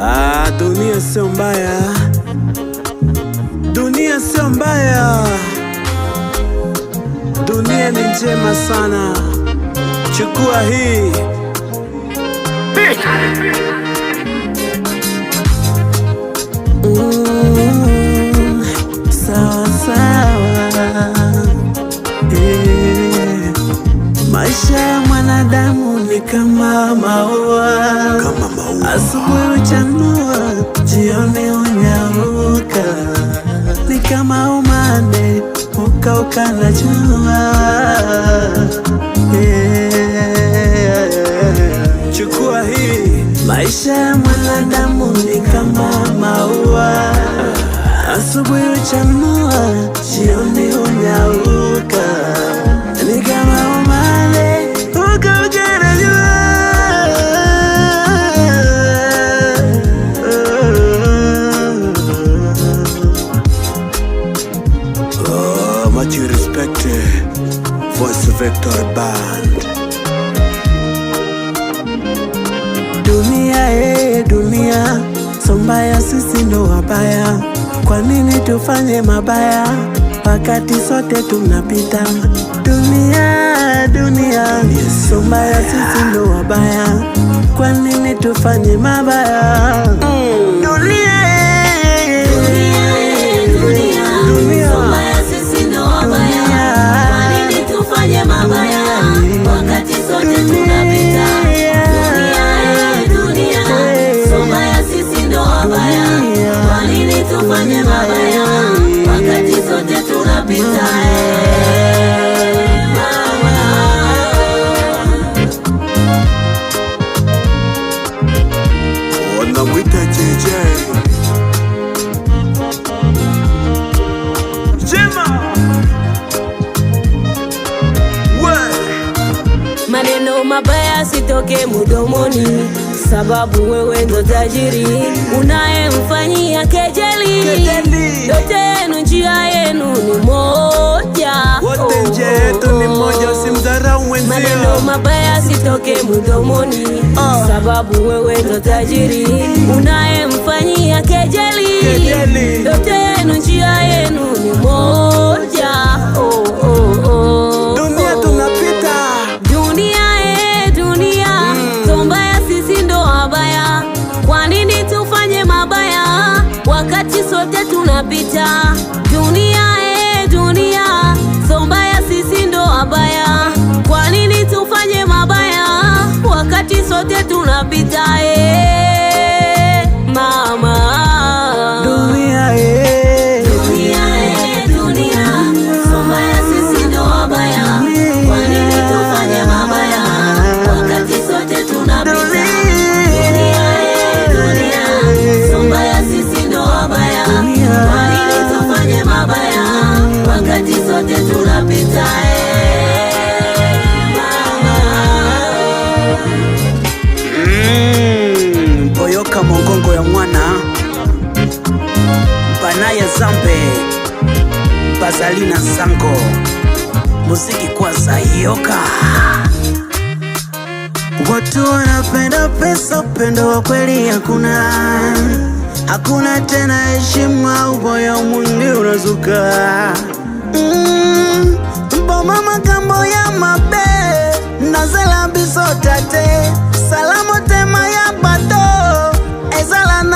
Ah, dunia sio mbaya, dunia sio mbaya, dunia ni njema sana. Chukua hii kama maua, kama maua. Asubuhi uchanua, jioni unyaruka, ni kama umande ukauka na jua Chukua hii, maisha ya mwanadamu ni kama maua, asubuhi uchanua Vector Band. Dunia ee, dunia sombaya, sisi ndo wabaya. Kwa nini tufanye mabaya wakati sote tunapita? Dunia dunia sombaya, sisi ndo wabaya. Kwa nini tufanye mabaya? kupita maneno mabaya sitoke mudomoni sababu wewe ndo tajiri unayemfanyia kejeli. Yote yenu njia yenu ni moja, wote njia yetu ni moja, usimdharau mwenzio. Maneno mabaya sitoke mdomoni ah. sababu wewe ndo tajiri unayemfanyia kejeli. Yote yenu njia yenu ni moja sote tunapita yote tunapita, eh, mm, Boyoka mm, mongongo ya mwana Banaya Zambe bazali na sango muziki kwa Zayoka. Watu wanapenda pesa, upendo wa kweli hakuna hakuna tena, heshima uboya mwingi unazuka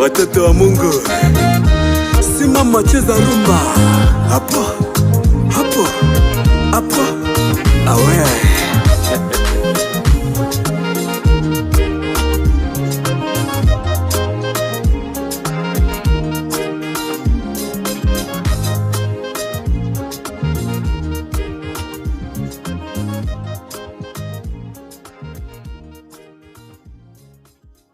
Watoto wa Mungu, simama, cheza rumba hapo hapo hapo, awe